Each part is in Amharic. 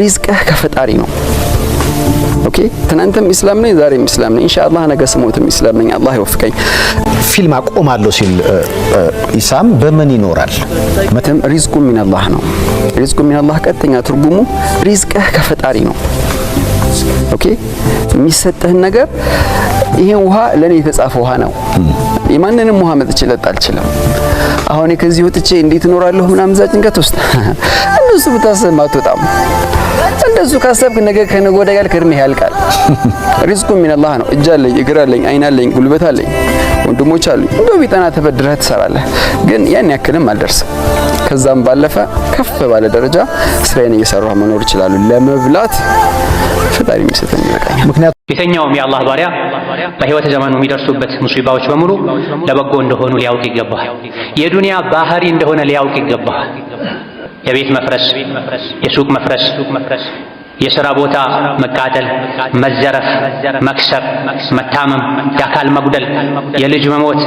ሪዝቅህ ከፈጣሪ ነው። ኦኬ ትናንትም ኢስላም ነኝ፣ ዛሬም ኢስላም ነኝ። ኢንሻአላህ ነገ ስሞትም ኢስላም ነኝ። አላህ ይወፍቀኝ። ፊልም አቆማለሁ ሲል ኢሳም በምን ይኖራል? መተም ሪዝቁ ሚነላህ ነው። ሪዝቁ ሚነላህ ቀጥተኛ ትርጉሙ ሪዝቅህ ከፈጣሪ ነው። ኦኬ የሚሰጥህን ነገር ይሄ ውሃ ለኔ የተጻፈ ውሃ ነው። የማንንም ውሃ መጥቼ ልጠጣ አልችልም። አሁን ከዚህ ወጥቼ እንዴት እኖራለሁ ምናምን እዛ ጭንቀት ውስጥ እንደሱ ብታስብ አትወጣም። እንደሱ ካሰብክ ነገ ከነገ ወዲያ ያልክ እድሜ ያልቃል። ሪዝቁ ሚነላህ ነው። እጅ አለኝ፣ እግር አለኝ፣ አይን አለኝ፣ ጉልበት አለኝ፣ ወንድሞች አሉኝ። እንደው ቢጠና ተበድረህ ትሰራለህ። ግን ያን ያክልም አልደርስም። ከዛም ባለፈ ከፍ ባለ ደረጃ ስራዬን እየሰራሁ መኖር ይችላሉ። ለመብላት ፈጣሪ የሚሰጠኝ ይበቃኛል። ምክንያቱም የትኛውም የአላህ ባሪያ በህይወት ዘመኑ የሚደርሱበት ሙሲባዎች በሙሉ ለበጎ እንደሆኑ ሊያውቅ ይገባል። የዱንያ ባህሪ እንደሆነ ሊያውቅ ይገባል። የቤት መፍረስ፣ የሱቅ መፍረስ የሥራ ቦታ መቃጠል፣ መዘረፍ፣ መክሰር፣ መታመም፣ የአካል መጉደል፣ የልጅ መሞት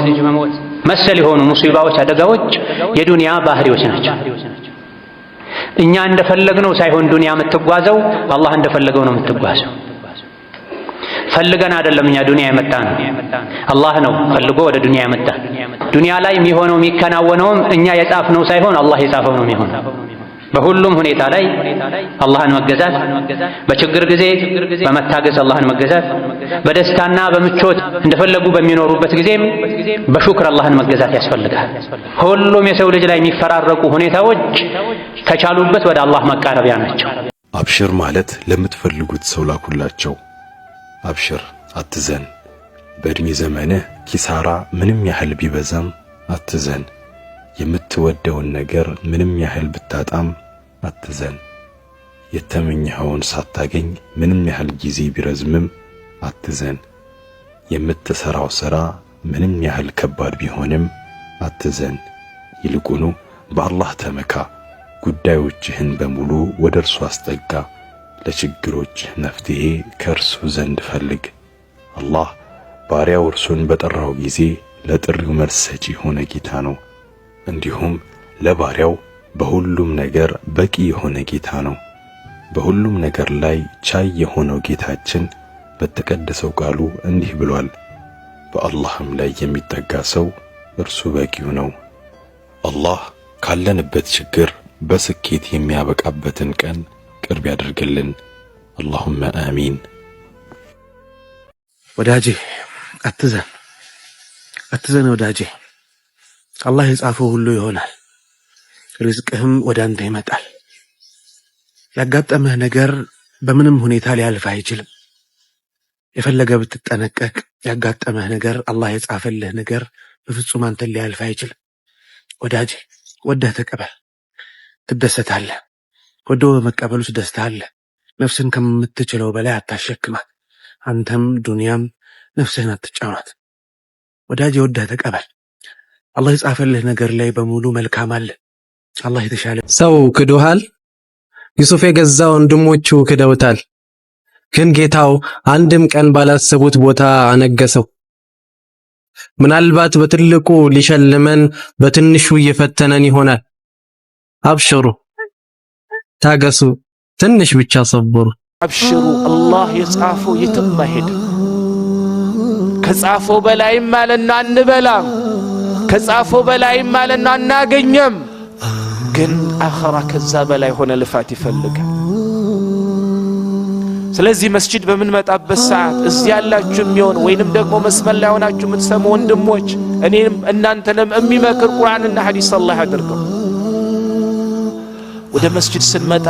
መሰል የሆኑ ሙሲባዎች፣ አደጋዎች የዱንያ ባህሪዎች ናቸው። እኛ እንደፈለግነው ሳይሆን ዱንያ የምትጓዘው አላህ እንደፈለገው ነው የምትጓዘው። ፈልገን አይደለም እኛ ዱንያ የመጣ ነው፣ አላህ ነው ፈልጎ ወደ ዱንያ የመጣ። ዱንያ ላይ የሚሆነው የሚከናወነውም እኛ የጻፍነው ሳይሆን አላህ የጻፈው ነው የሚሆነው። በሁሉም ሁኔታ ላይ አላህን መገዛት፣ በችግር ጊዜ በመታገዝ አላህን መገዛት፣ በደስታና በምቾት እንደፈለጉ በሚኖሩበት ጊዜም በሹክር አላህን መገዛት ያስፈልጋል። ሁሉም የሰው ልጅ ላይ የሚፈራረቁ ሁኔታዎች ከቻሉበት ወደ አላህ መቃረቢያ ናቸው። አብሽር ማለት ለምትፈልጉት ሰው ላኩላቸው። አብሽር አትዘን፣ በእድሜ ዘመንህ ኪሳራ ምንም ያህል ቢበዛም አትዘን የምትወደውን ነገር ምንም ያህል ብታጣም አትዘን። የተመኘኸውን ሳታገኝ ምንም ያህል ጊዜ ቢረዝምም አትዘን። የምትሰራው ሥራ ምንም ያህል ከባድ ቢሆንም አትዘን። ይልቁኑ በአላህ ተመካ፣ ጉዳዮችህን በሙሉ ወደ እርሱ አስጠጋ፣ ለችግሮችህ መፍትሔ ከእርሱ ዘንድ ፈልግ። አላህ ባሪያው እርሱን በጠራው ጊዜ ለጥሪው መልስ ሰጪ የሆነ ጌታ ነው። እንዲሁም ለባሪያው በሁሉም ነገር በቂ የሆነ ጌታ ነው። በሁሉም ነገር ላይ ቻይ የሆነው ጌታችን በተቀደሰው ቃሉ እንዲህ ብሏል፣ በአላህም ላይ የሚጠጋ ሰው እርሱ በቂው ነው። አላህ ካለንበት ችግር በስኬት የሚያበቃበትን ቀን ቅርብ ያደርግልን። አላሁመ አሚን። ወዳጄ አትዘን፣ አትዘን ወዳጄ አላህ የጻፈው ሁሉ ይሆናል። ርዝቅህም ወደ አንተ ይመጣል። ያጋጠመህ ነገር በምንም ሁኔታ ሊያልፍ አይችልም። የፈለገ ብትጠነቀቅ ያጋጠመህ ነገር አላህ የጻፈልህ ነገር በፍጹም አንተን ሊያልፍ አይችልም። ወዳጅ ወደህ ተቀበል፣ ትደሰታለህ። ወዶ በመቀበል ውስጥ ደስታ አለ። ነፍስን ከምትችለው በላይ አታሸክማት። አንተም ዱንያም ነፍስህን አትጫኗት። ወዳጅ ወደህ ተቀበል። አላህ የጻፈልህ ነገር ላይ በሙሉ መልካም አለ። አላህ የተሻለ ሰው ክዶሃል። ዩሱፍ የገዛ ወንድሞቹ ክደውታል። ግን ጌታው አንድም ቀን ባላሰቡት ቦታ አነገሰው። ምናልባት በትልቁ ሊሸልመን በትንሹ እየፈተነን ይሆናል። አብሽሩ፣ ታገሱ፣ ትንሽ ብቻ ሰብሩ። አብሽሩ፣ አላህ የጻፈው የትም አይሄድም። ከጻፈው በላይም ማለት አንበላም ከጻፈው በላይም ማለት አናገኘም። ግን አኸራ ከዛ በላይ ሆነ ልፋት ይፈልጋል። ስለዚህ መስጂድ በምንመጣበት ሰዓት እዚህ ያላችሁ የሚሆን ወይንም ደግሞ መስመር ላይ ሆናችሁ የምትሰሙ ወንድሞች እኔም እናንተንም የሚመክር ቁርአንና ሐዲስ አላህ አድርገው። ወደ መስጂድ ስንመጣ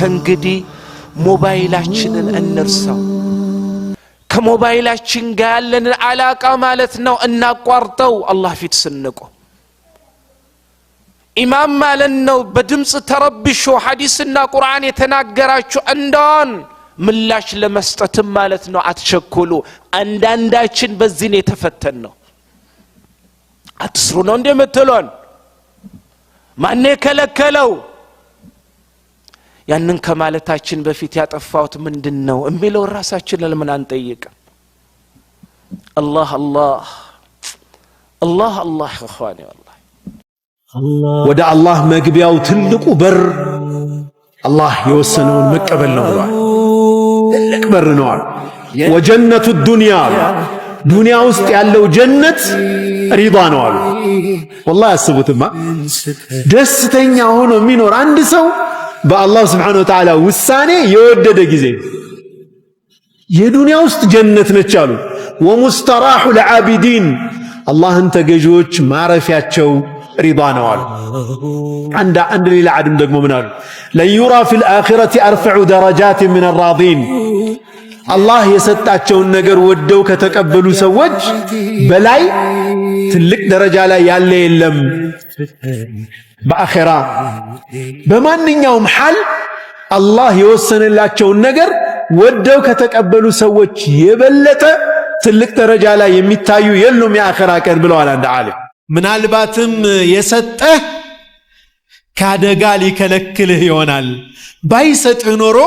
ከእንግዲህ ሞባይላችንን እንርሳው። ከሞባይላችን ጋር ያለን አላቃ ማለት ነው እናቋርጠው። አላህ ፊት ስንቁ ኢማም ማለት ነው በድምፅ ተረብሾ ሐዲስና ቁርአን የተናገራችሁ እንደሆን ምላሽ ለመስጠትም ማለት ነው አትቸኩሉ። አንዳንዳችን በዚህ የተፈተን ነው። አትስሩ ነው እንደምትለን ማን የከለከለው? ያንን ከማለታችን በፊት ያጠፋሁት ምንድን ነው የሚለው ራሳችን ለምን አንጠይቅም? አላህ አላህ አላህ አላህ ኸዋን ወደ አላህ መግቢያው ትልቁ በር አላህ የወሰነውን መቀበል ነው ብሏል። ትልቅ በር ነዋል። ወጀነቱ ዱንያ ዱንያ ውስጥ ያለው ጀነት ሪዳ ነው አሉ። ወላሂ አስቡትማ፣ ደስተኛ ሆኖ የሚኖር አንድ ሰው በአላህ ስብሓነሁ ወተዓላ ውሳኔ የወደደ ጊዜ የዱንያ ውስጥ ጀነት ነች አሉ። ወሙስተራሑ ለዓቢዲን አላህን ተገዢዎች ማረፊያቸው ሪዳ ነው አሉ። አንድ ሌላ ዓድም ደግሞ ምን አሉ? ለዩራ ፊል አኺረቲ አርፈዑ ደረጃት ምን አራዲን አላህ የሰጣቸውን ነገር ወደው ከተቀበሉ ሰዎች በላይ ትልቅ ደረጃ ላይ ያለ የለም። በአኼራ በማንኛውም ሐል አላህ የወሰነላቸውን ነገር ወደው ከተቀበሉ ሰዎች የበለጠ ትልቅ ደረጃ ላይ የሚታዩ የሉም የአኼራ ቀን ብለዋል አንድ ዓለም። ምናልባትም የሰጠህ ከአደጋ ሊከለክልህ ይሆናል ባይሰጥህ ኖሮ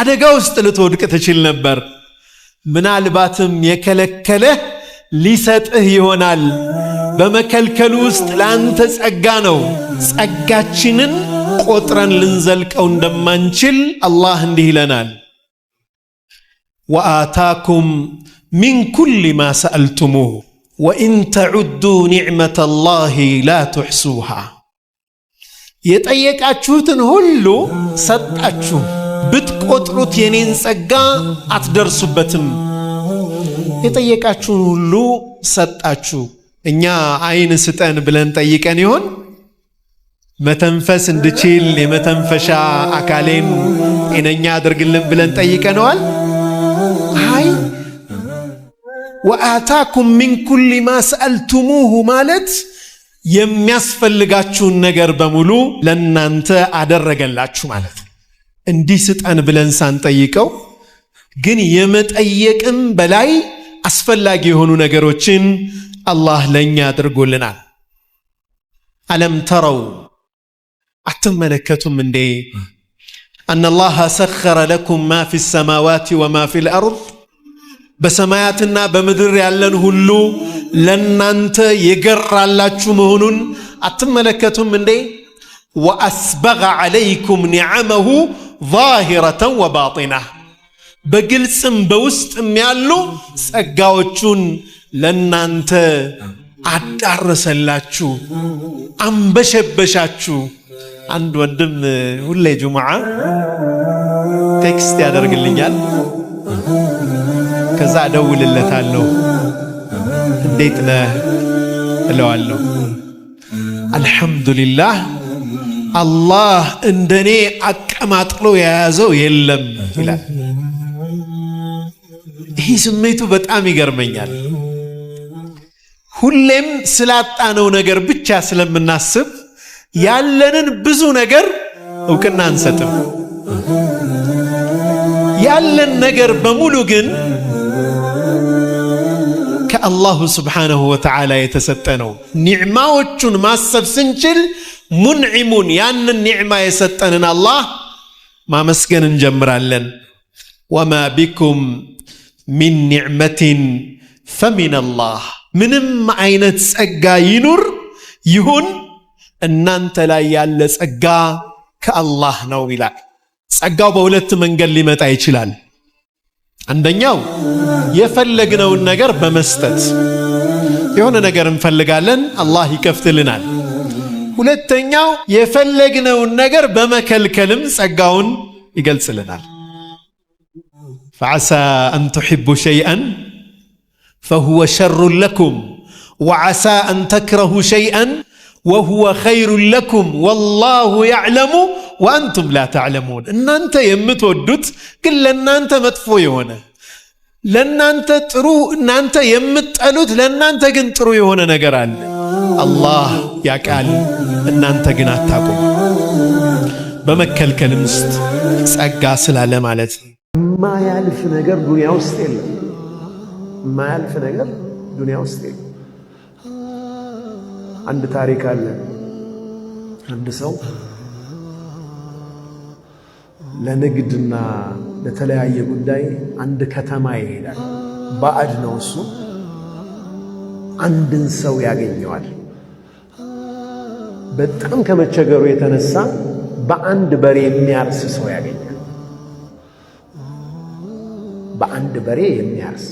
አደጋ ውስጥ ልትወድቅ ትችል ነበር። ምናልባትም የከለከለህ ሊሰጥህ ይሆናል። በመከልከሉ ውስጥ ለአንተ ጸጋ ነው። ጸጋችንን ቆጥረን ልንዘልቀው እንደማንችል አላህ እንዲህ ይለናል፣ ወአታኩም ሚን ኩል ማ ሰአልቱሙህ ወኢን ተዑዱ ኒዕመተ ላሂ ላ ትሕሱሃ። የጠየቃችሁትን ሁሉ ሰጣችሁ። ብትቆጥሩት የኔን ጸጋ አትደርሱበትም። የጠየቃችሁን ሁሉ ሰጣችሁ። እኛ አይን ስጠን ብለን ጠይቀን ይሆን? መተንፈስ እንድችል የመተንፈሻ አካሌን ጤነኛ አድርግልን ብለን ጠይቀነዋል? አይ ወአታኩም ሚን ኩል ማ ሰአልቱሙሁ ማለት የሚያስፈልጋችሁን ነገር በሙሉ ለእናንተ አደረገላችሁ ማለት እንዲህ ስጠን ብለን ሳንጠይቀው ግን የመጠየቅም በላይ አስፈላጊ የሆኑ ነገሮችን አላህ ለእኛ አድርጎልናል። አለም ተረው አትመለከቱም እንዴ አነላህ ሰኸረ ለኩም ማ ፊ ሰማዋት ወማ ፊ ልአርድ በሰማያትና በምድር ያለን ሁሉ ለናንተ የገራላችሁ መሆኑን አትመለከቱም እንዴ ወአስበገ ዓለይኩም ኒዓመሁ ዛሂረተን ወባጢና በግልጽም በውስጥም ያሉ ጸጋዎቹን ለናንተ አዳረሰላችሁ፣ አንበሸበሻችሁ። አንድ ወንድም ሁሌ ጁምዓ ቴክስት ያደርግልኛል። ከዛ እደውልለታለሁ። እንዴት ነህ እለዋለሁ። አልሐምዱሊላህ አላህ እንደኔ አቀማጥሎ የያዘው የለም ይላል። ይህ ስሜቱ በጣም ይገርመኛል። ሁሌም ስላጣነው ነገር ብቻ ስለምናስብ ያለንን ብዙ ነገር እውቅና አንሰጥም። ያለን ነገር በሙሉ ግን ከአላሁ ስብሓነሁ ወተዓላ የተሰጠ ነው። ኒዕማዎቹን ማሰብ ስንችል ሙንዒሙን ያንን ኒዕማ የሰጠንን አላህ ማመስገን እንጀምራለን። ወማ ቢኩም ሚን ኒዕመቲን ፈሚን አላህ። ምንም አይነት ጸጋ ይኑር ይሁን እናንተ ላይ ያለ ጸጋ ከአላህ ነው ይላል። ጸጋው በሁለት መንገድ ሊመጣ ይችላል። አንደኛው የፈለግነውን ነገር በመስጠት የሆነ ነገር እንፈልጋለን፣ አላህ ይከፍትልናል ሁለተኛው የፈለግነውን ነገር በመከልከልም ጸጋውን ይገልጽልናል። ፈዓሳ አን ቱሕቡ ሸይአን ፈሁወ ሸሩን ለኩም ወዓሳ አን ተክረሁ ሸይአን ወሁወ ኸይሩን ለኩም ወላሁ ያዕለሙ ወአንቱም ላ ተዕለሙን። እናንተ የምትወዱት ግን ለእናንተ መጥፎ የሆነ ለእናንተ ጥሩ እናንተ የምትጠሉት ለእናንተ ግን ጥሩ የሆነ ነገር አለ። አላህ ያቃል፣ እናንተ ግን አታቁም። በመከልከል ውስጥ ጸጋ ስላለ ማለት የማያልፍ ነገር ዱንያ ውስጥ የለም። የማያልፍ ነገር ዱንያ ውስጥ የለም። አንድ ታሪክ አለ። አንድ ሰው ለንግድና ለተለያየ ጉዳይ አንድ ከተማ ይሄዳል። ባዕድ ነው እሱ። አንድን ሰው ያገኘዋል። በጣም ከመቸገሩ የተነሳ በአንድ በሬ የሚያርስ ሰው ያገኛል። በአንድ በሬ የሚያርስ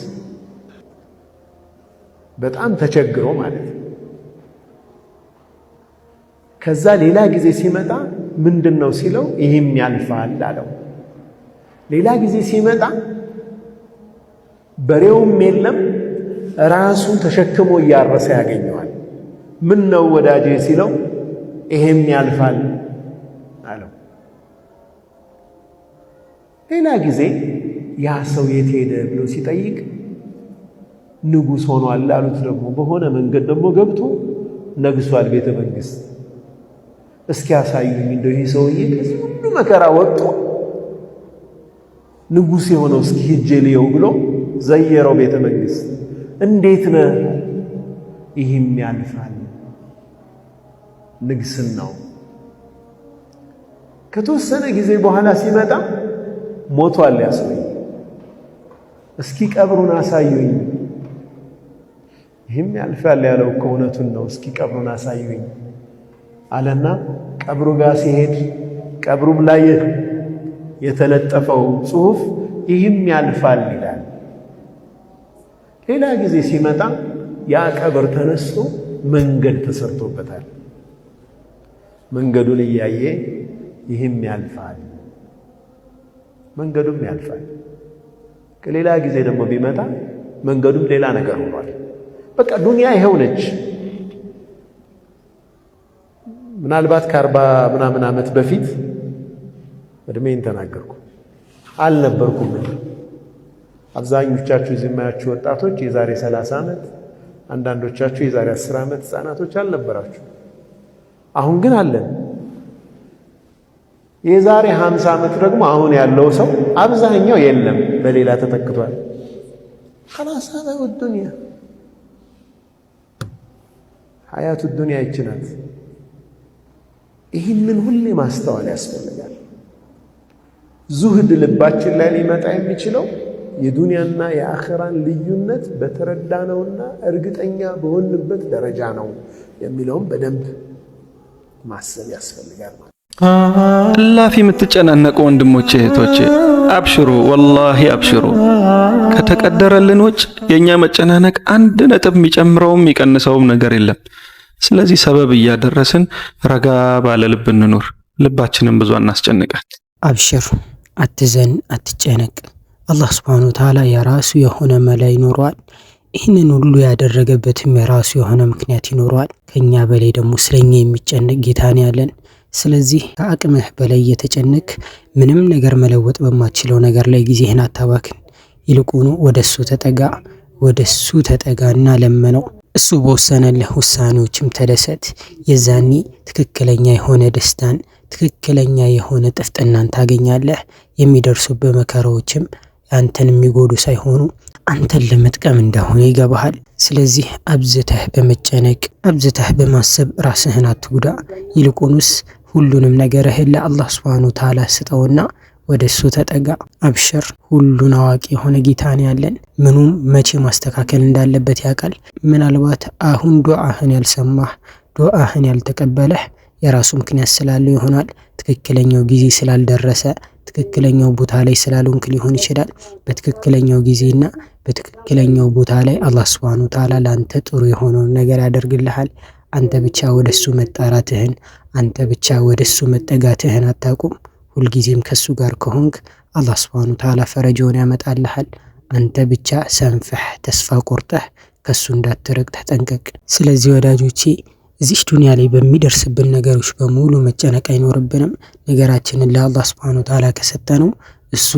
በጣም ተቸግሮ ማለት ነው። ከዛ ሌላ ጊዜ ሲመጣ ምንድን ነው ሲለው ይህም ያልፋል አለው። ሌላ ጊዜ ሲመጣ በሬውም የለም ራሱ ተሸክሞ እያረሰ ያገኘዋል። ምን ነው ወዳጄ ሲለው ይሄም ያልፋል አለው። ሌላ ጊዜ ያ ሰው የት ሄደ ብሎ ሲጠይቅ ንጉሥ ሆኗል አሉት። ደግሞ በሆነ መንገድ ደግሞ ገብቶ ነግሷል ቤተ መንግሥት። እስኪ ያሳዩኝ እንደው ይህ ሰውዬ ከዚህ ሁሉ መከራ ወጥቶ ንጉሥ የሆነው እስኪ ሂጄ ልየው ብሎ ዘየረው ቤተ መንግሥት። እንዴት ነ ይህም ያልፋል ንግስናው ከተወሰነ ጊዜ በኋላ ሲመጣ ሞቷል ያ እስኪ ቀብሩን አሳዩኝ። ይህም ያልፋል ያለው እኮ እውነቱን ነው። እስኪ ቀብሩን አሳዩኝ አለና ቀብሩ ጋር ሲሄድ ቀብሩም ላይ የተለጠፈው ጽሑፍ ይህም ያልፋል ይላል። ሌላ ጊዜ ሲመጣ ያ ቀብር ተነስቶ መንገድ ተሰርቶበታል። መንገዱን እያየ ይህም ያልፋል፣ መንገዱም ያልፋል። ከሌላ ጊዜ ደግሞ ቢመጣ መንገዱም ሌላ ነገር ሆኗል። በቃ ዱንያ ይኸው ነች። ምናልባት ከአርባ ምናምን ዓመት በፊት እድሜን ተናገርኩ አልነበርኩም። አብዛኞቻችሁ እዚህ የማያችሁ ወጣቶች የዛሬ 30 ዓመት፣ አንዳንዶቻችሁ የዛሬ 10 ዓመት ህፃናቶች አልነበራችሁ። አሁን ግን አለን። የዛሬ 50 ዓመት ደግሞ አሁን ያለው ሰው አብዛኛው የለም፣ በሌላ ተተክቷል። خلاص هذا هو الدنيا ዱንያ ይች ናት። ይህንን ሁሌ ማስተዋል ያስፈልጋል። ዙህድ ልባችን ላይ ሊመጣ የሚችለው የዱንያና የአኸራን ልዩነት በተረዳነውና እርግጠኛ በሆንበት ደረጃ ነው የሚለውም በደንብ ማሰብ ያስፈልጋል። አላፊ የምትጨናነቁ ወንድሞቼ እህቶቼ፣ አብሽሩ ወላሂ አብሽሩ። ከተቀደረልን ውጭ የእኛ መጨናነቅ አንድ ነጥብ የሚጨምረውም የሚቀንሰውም ነገር የለም። ስለዚህ ሰበብ እያደረስን ረጋ ባለ ልብ እንኑር። ልባችንን ብዙ እናስጨንቃል። አብሽር፣ አትዘን፣ አትጨነቅ። አላህ ስብሐነሁ ወተዓላ የራሱ የሆነ መላይ ይኖረዋል። ይህንን ሁሉ ያደረገበትም የራሱ የሆነ ምክንያት ይኖረዋል። ከእኛ በላይ ደግሞ ስለኛ የሚጨነቅ ጌታን ያለን። ስለዚህ ከአቅምህ በላይ እየተጨነቅ ምንም ነገር መለወጥ በማትችለው ነገር ላይ ጊዜህን አታባክን። ይልቁኑ ወደ እሱ ተጠጋ፣ ወደ እሱ ተጠጋና ለመነው። እሱ በወሰነልህ ውሳኔዎችም ተደሰት። የዛኒ ትክክለኛ የሆነ ደስታን፣ ትክክለኛ የሆነ ጥፍጥናን ታገኛለህ። የሚደርሱብህ መከራዎችም አንተን የሚጎዱ ሳይሆኑ አንተን ለመጥቀም እንደሆነ ይገባሃል። ስለዚህ አብዝተህ በመጨነቅ አብዝተህ በማሰብ ራስህን አትጉዳ። ይልቁንስ ሁሉንም ነገርህን ለአላህ ስብሃኑ ተዓላ ስጠውና ወደ እሱ ተጠጋ። አብሽር፣ ሁሉን አዋቂ የሆነ ጌታን ያለን ምኑም መቼ ማስተካከል እንዳለበት ያውቃል። ምናልባት አሁን ዱዓህን ያልሰማህ ዱዓህን ያልተቀበለህ የራሱ ምክንያት ስላለው ይሆናል። ትክክለኛው ጊዜ ስላልደረሰ ትክክለኛው ቦታ ላይ ስላልሆንክ ሊሆን ይችላል። በትክክለኛው ጊዜና በትክክለኛው ቦታ ላይ አላህ ስብሃኑ ተዓላ ለአንተ ጥሩ የሆነውን ነገር ያደርግልሃል። አንተ ብቻ ወደ እሱ መጣራትህን አንተ ብቻ ወደ እሱ መጠጋትህን አታቁም። ሁልጊዜም ከእሱ ጋር ከሆንክ አላህ ስብሃኑ ተዓላ ፈረጃውን ያመጣልሃል። አንተ ብቻ ሰንፈህ ተስፋ ቆርጠህ ከእሱ እንዳትርቅ ተጠንቀቅ። ስለዚህ ወዳጆቼ እዚች ዱንያ ላይ በሚደርስብን ነገሮች በሙሉ መጨነቅ አይኖርብንም። ነገራችንን ለአላህ ስብሐነ ወተዓላ ከሰጠነው እሱ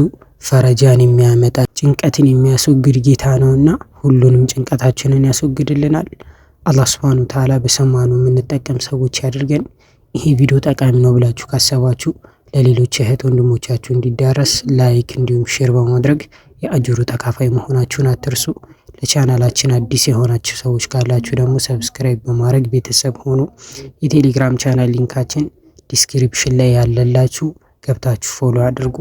ፈረጃን የሚያመጣ ጭንቀትን የሚያስወግድ ጌታ ነውና ሁሉንም ጭንቀታችንን ያስወግድልናል። አላህ ስብሐነ ወተዓላ በሰማኑ የምንጠቀም ሰዎች ያድርገን። ይሄ ቪዲዮ ጠቃሚ ነው ብላችሁ ካሰባችሁ ለሌሎች እህት ወንድሞቻችሁ እንዲዳረስ ላይክ እንዲሁም ሼር በማድረግ የአጅሩ ተካፋይ መሆናችሁን አትርሱ። ለቻናላችን አዲስ የሆናችሁ ሰዎች ካላችሁ ደግሞ ሰብስክራይብ በማድረግ ቤተሰብ ሆኑ። የቴሌግራም ቻናል ሊንካችን ዲስክሪፕሽን ላይ ያለላችሁ ገብታችሁ ፎሎ አድርጉ።